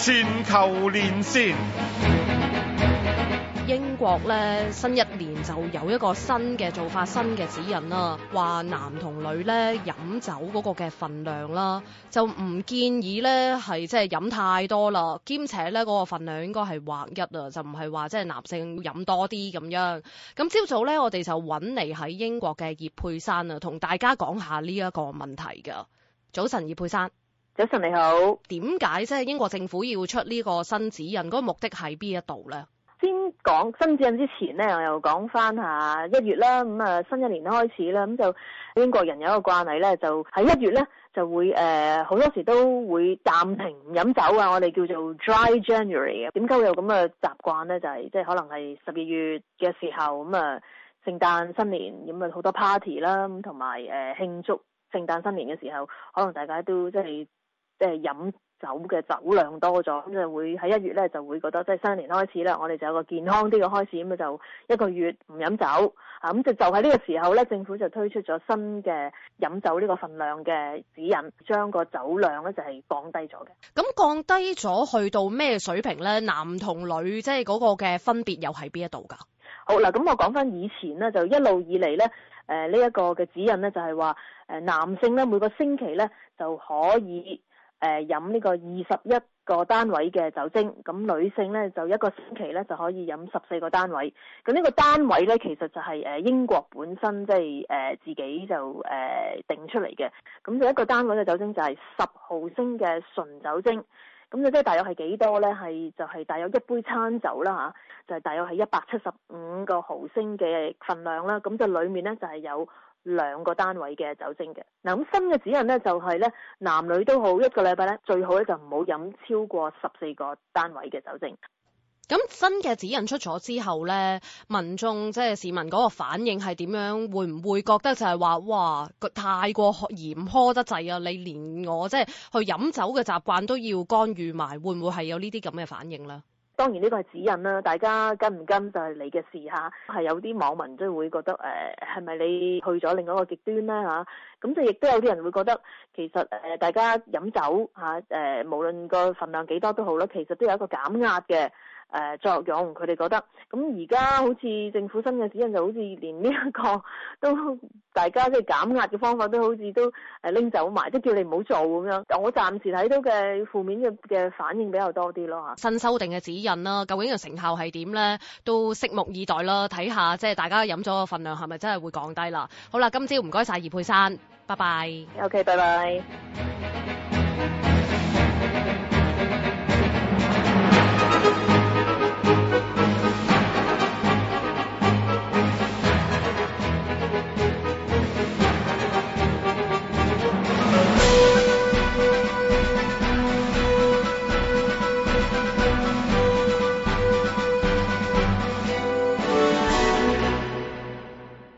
全球連線，英國咧，新一年就有一個新嘅做法、新嘅指引啦、啊。話男同女咧，飲酒嗰個嘅份量啦，就唔建議咧係即係飲太多啦。兼且咧嗰、嗰個份量應該係劃一啊，就唔係話即係男性飲多啲咁樣。咁朝早咧，我哋就搵嚟喺英國嘅葉珮珊啊，同大家講下呢一個問題嘅。早晨，葉珮珊。早晨你好，點解即係英國政府要出呢個新指引？嗰個目的係邊一度呢？先講新指引之前呢，我又講翻下一月啦，咁、嗯、啊新一年開始啦，咁、嗯、就英國人有一個慣例呢，就喺一月呢就會誒好、呃、多時候都會暫停唔飲酒啊，我哋叫做 Dry January 啊。點解會有咁嘅習慣呢？就係、是、即係可能係十二月嘅時候，咁、嗯、啊聖誕新年，咁啊好多 party 啦，同埋誒慶祝聖誕新年嘅時候，可能大家都即係。即係飲酒嘅酒量多咗，咁就會喺一月咧就會覺得即係、就是、新一年開始啦，我哋就有個健康啲嘅開始，咁就一個月唔飲酒啊，咁就就喺呢個時候咧，政府就推出咗新嘅飲酒呢個份量嘅指引，將個酒量咧就係降低咗嘅。咁降低咗去到咩水平咧？男同女即係嗰個嘅分別又喺邊一度㗎？好嗱，咁我講返以前咧，就一路以嚟咧，誒呢一個嘅指引咧就係話，誒男性咧每個星期咧就可以，誒，飲呢、呃、個二十一個單位嘅酒精，咁女性呢，就一個星期呢就可以飲十四個單位。咁呢個單位呢，其實就係誒英國本身即係誒自己就誒、呃、定出嚟嘅。咁就一個單位嘅酒精就係十毫升嘅純酒精。咁就即係大約係幾多呢？係就係大約一杯餐酒啦吓，就係大約係一百七十五個毫升嘅份量啦。咁就裏面呢，就係有兩個單位嘅酒精嘅。嗱咁新嘅指引呢，就係呢：男女都好，一個禮拜呢，最好咧就唔好飲超過十四個單位嘅酒精。咁新嘅指引出咗之後咧，民眾即係市民嗰個反應係點樣？會唔會覺得就係話哇，太過嚴苛得滯啊？你連我即係去飲酒嘅習慣都要干預埋，會唔會係有呢啲咁嘅反應咧？當然呢個係指引啦，大家跟唔跟就係你嘅事下。係有啲網民都會覺得誒，係咪你去咗另一個極端咧吓？咁就亦都有啲人會覺得其實誒，大家飲酒嚇誒，無論個份量幾多都好啦，其實都有一個減壓嘅。誒，作用佢哋覺得，咁而家好似政府新嘅指引，就好似連呢一個都，大家即係減壓嘅方法都好似都誒拎走埋，都叫你唔好做咁樣。我暫時睇到嘅負面嘅嘅反應比較多啲咯。新修訂嘅指引啦，究竟嘅成效係點咧？都拭目以待啦。睇下即係大家飲咗個份量係咪真係會降低啦。好啦，今朝唔該晒葉珮珊，拜拜。OK，拜拜。